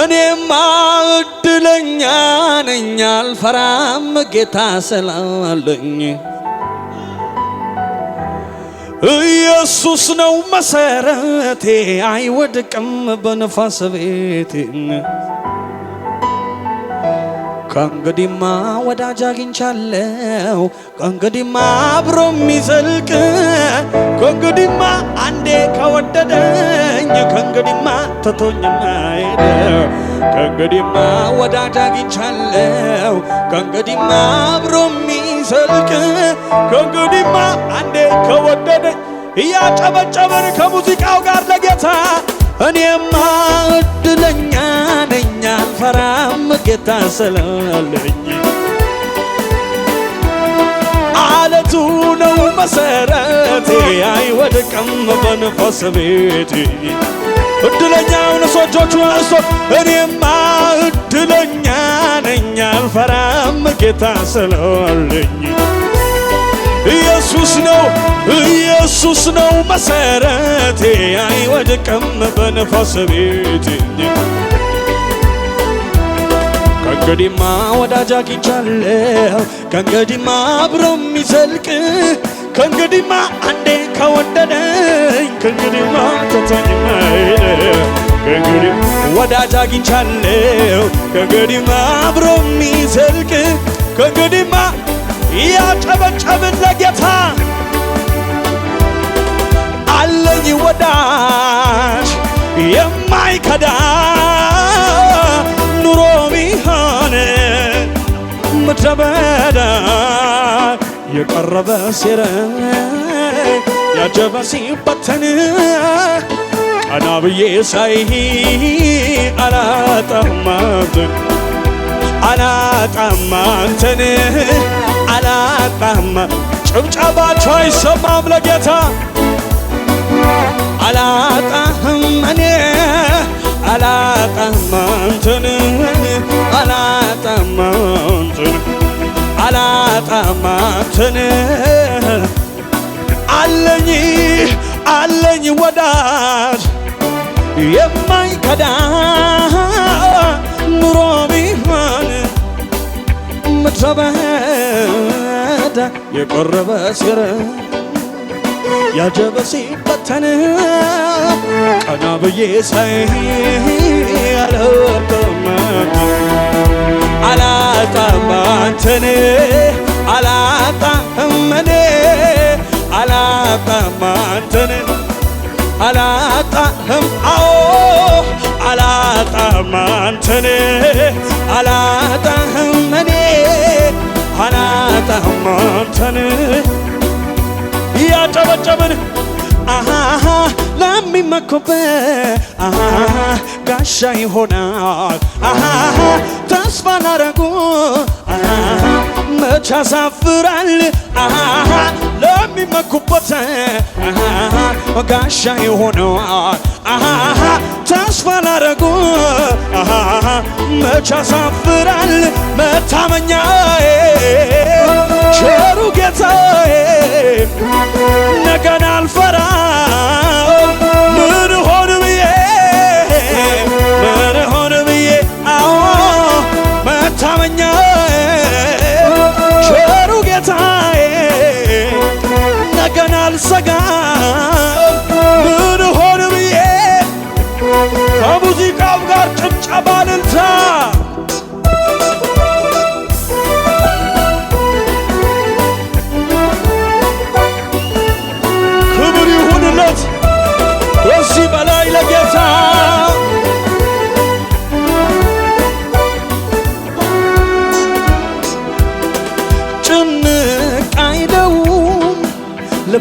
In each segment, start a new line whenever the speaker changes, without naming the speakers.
እኔማ እድለኛ ነኝ አልፈራም ጌታ ስላለኝ ኢየሱስ ነው መሰረቴ አይወድቅም በነፋስ ቤቴ ከእንግዲማ ወዳጅ አግኝቻለሁ ከእንግዲማ አብሮ የሚዘልቅ ከእንግዲማ አንዴ ከወደደኝ ከእንግዲማ ትቶኝ ማይደ ከእንግዲማ ወዳጅ አግኝቻለሁ ከእንግዲማ አብሮ የሚዘልቅ ከእንግዲማ አንዴ ከወደደኝ እያጨበጨበን ከሙዚቃው ጋር ለጌታ እኔማ እድለኛ ነኝ መከራም ጌታ ስላለኝ አለቱ ነው መሰረቴ አይወድቅም በንፋስ ቤቴ እድለኛውን እሶጆቹ እሶ እኔማ እድለኛ ነኝ አልፈራም ጌታ ስላለኝ ኢየሱስ ነው ኢየሱስ ነው መሰረቴ አይወድቅም በንፋስ ቤቴ ከእንግዲህማ ወዳጅ አግኝቻለሁ ከእንግዲህማ አብሮ የሚዘልቅ ከእንግዲህማ አንዴ ከወደደኝ ከእንግዲህማ ተተኝ ወዳጅ አግኝቻለሁ ከእንግዲህማ አብሮ የሚዘልቅ ከእንግዲህማ ያጨበጨብን ለጌታ አለኝ ወዳጅ የማይከዳ ዘበዳ የቀረበ ሴረ ያጀበ ሲበተን ቀና ብዬ ሳይ አላጣማንተን አላጣማንተን አላጣማ ጭብጨባቸው አይሰማም ለጌታ አላጣህመን አላጣማንተን አላጣማንተን አላጣም አለኝ አለኝ ወዳጅ የማይከዳ ኑሮ ቢሆን ምድረ በዳ የቆረበ ሲር ያጀበ ሲበተን ቀና ብዬ ሳይ አልወድቅም አላጣም አንተን አላጣህም እኔ አላጣህም አንተን እያጨበጨብን አሃ ለሚመኩበት አሃ ጋሻ ይሆናል አሃ ተስፋ ላረጉ አሃ መች ያሳፍራል ለሚመኩበት ጋሻ ይሆናል ተስፋ ላረጉ መቻ ሳፍራል መታመኛዬ ቸሩ ጌታዬ ነገን አልፈራ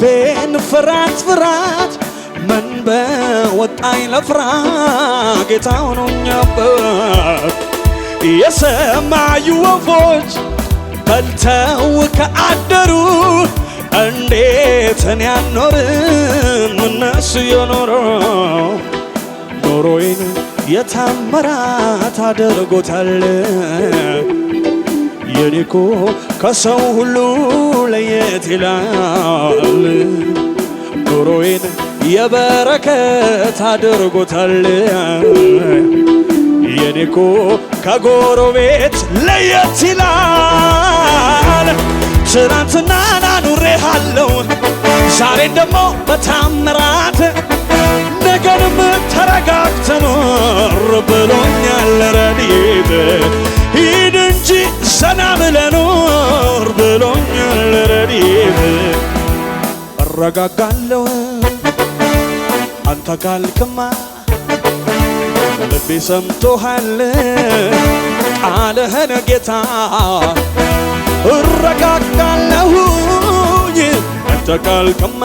ልቤን ፍራት ፍራት መንበ ወጣኝ ለፍራ ጌታ ሆኖኛበት የሰማዩ ወፎች በልተው ከአደሩ እንዴት እኔ አልኖርም እነሱ የኖረ ኖሮዬን የታምራት አድርጎታል። የኔኮ ከሰው ሁሉ ለየት ይላል። ኑሮዬን የበረከት አድርጎታል። የኔኮ ከጎረቤት ለየት ይላል። ትናንትና ናኑሬሃለው ዛሬን ደግሞ በታምራት ነገንም ተረጋግተኖር ብሎኝ እረጋጋለሁ አንተ ካልክማ ልቤ ሰምቶሃል ቃልህን ጌታ እረጋጋለሁ አንተ ካልክማ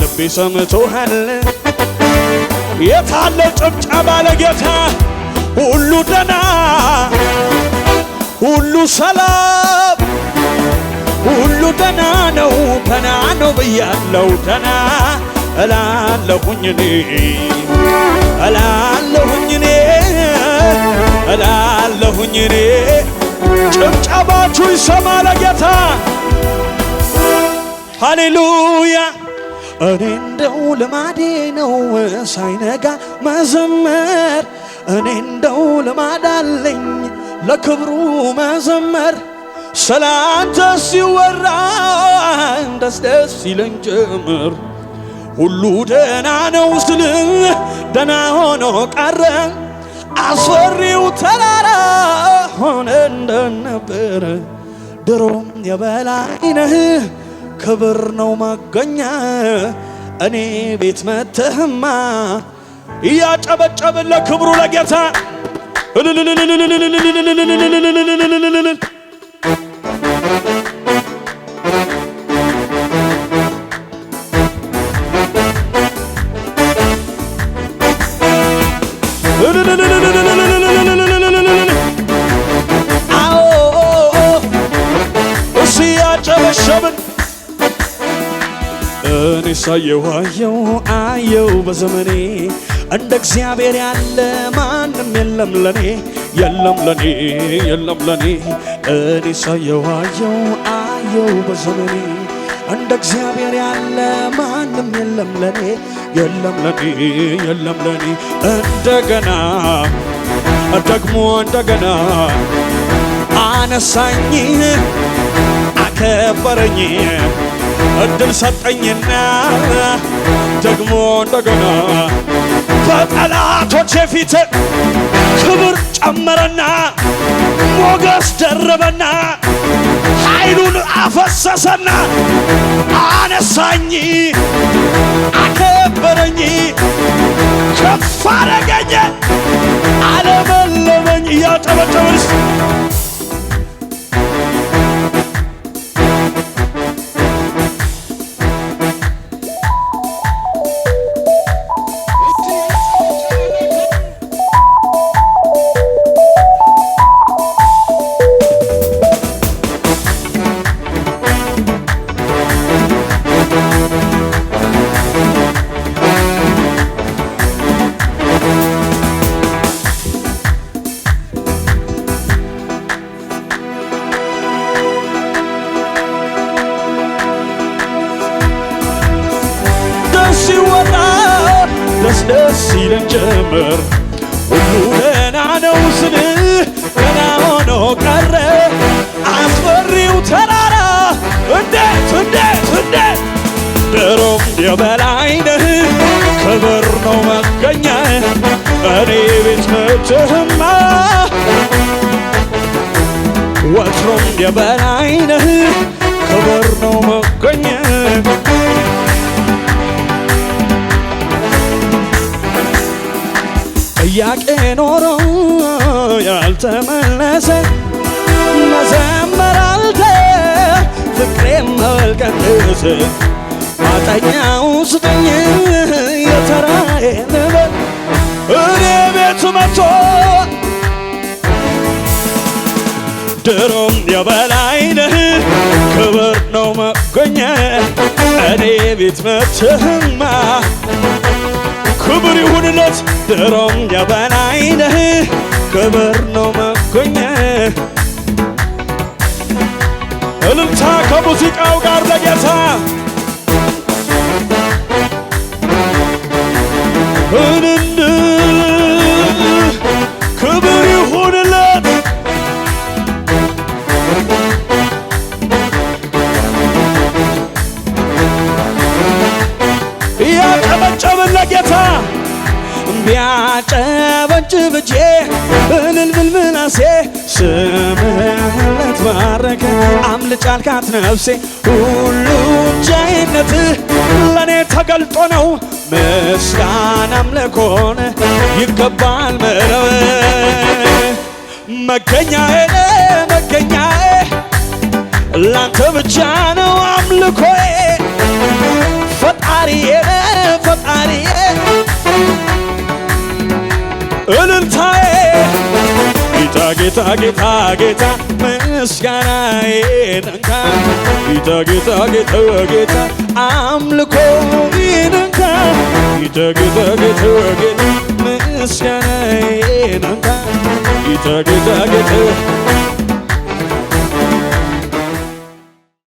ልቤ ሰምቶሃል የታለው ጭብጨባ ለጌታ ሁሉ ደና ሁሉ ሰላም ሁሉ ደና ነው ተና ነው ብያለው ተና እላለሁኝ እኔ እላለሁኝ እኔ እላለሁኝ እኔ ጭብጨባችሁ ይሰማ ለጌታ ሃሌሉያ እኔ እንደው ልማዴ ነው ሳይነጋ መዘመር እኔ እንደው ልማዳለኝ ለክብሩ መዘመር ስላንተ ሲወራ ደስ ደስ ይለኝ ጀምር! ሁሉ ደና ነው ስል ደና ሆኖ ቀረ። አስፈሪው ተራራ ሆነ እንደነበረ። ድሮም የበላይ ነህ ክብር ነው ማገኛ እኔ ቤት መተህማ እያጨበጨብን ለክብሩ ለጌታ እያጨበሸብን እኔ ሳየው አየው አየው በዘመኔ እንደ እግዚአብሔር ያለ ማንም የለም ለኔ የለም ለኔ የለም ለኔ እኔ ሳየው አየው አየው በዘመኔ እንደ እግዚአብሔር ያለ ማንም የለም ለኔ የለም ለኔ የለም ለኔ እንደገና ደግሞ እንደገና አነሳኝ አከበረኝ እድል ሰጠኝና ደግሞ እንደገና በጠላቶቼ ፊት ክብር ጨመረና ሞገስ ደረበና ኃይሉን አፈሰሰና አነሳኝ አከ ሰበረኝ፣ ከፍ አረገኝ፣ አለመለመኝ እያጨበጨበ ደስ ደስ ይለን ጀመር ሁሉ ደህና ነው ስል ገና ሆኖ ቀረ አስፈሪው ተራራ እንዴት እንዴት እንዴት ድሮም የበላይ ነህ ክብር ነው መገኛ እኔ ቤት መትህማ ወትሮም የበላይ ነህ ክብር ነው መገኛ ጥያቄ ኖሮ ያልተመለሰ መዘመር አልተ ፍቅሬ መልቀቅስ ማጠኛ ውስጥኝ የተራዬ ንበል እኔ ቤቱ መቶ ድሮም የበላይ ነህ ክብር ነው መገኘ እኔ ቤት መትህማ ክብር ይሁንለት ድሮም ጀበና አይነህ ክብር ነው መኮኛ እልልታ ከሙዚቃው ጋር ለጌታ እንንድ ክብር ይሁንለት ነገር አምልጫልካት ነፍሴ ሁሉ ጀነትህ ለእኔ ተገልጦ ነው። ምስጋናም ለኮነ ይገባል መረበ መገኛዬ መገኛዬ ላንተ ብቻ ነው አምልኮዬ ፈጣሪዬ ፈጣሪዬ እልልታዬ ጌታ ጌታ ጌታ ጌታ ምስጋናዬ ነካ ጌታ ጌታ ጌታ ጌታ አምልኮ ነካ ጌታ ጌታ ጌታ ጌታ ምስጋናዬ ነካ ጌታ ጌታ ጌታ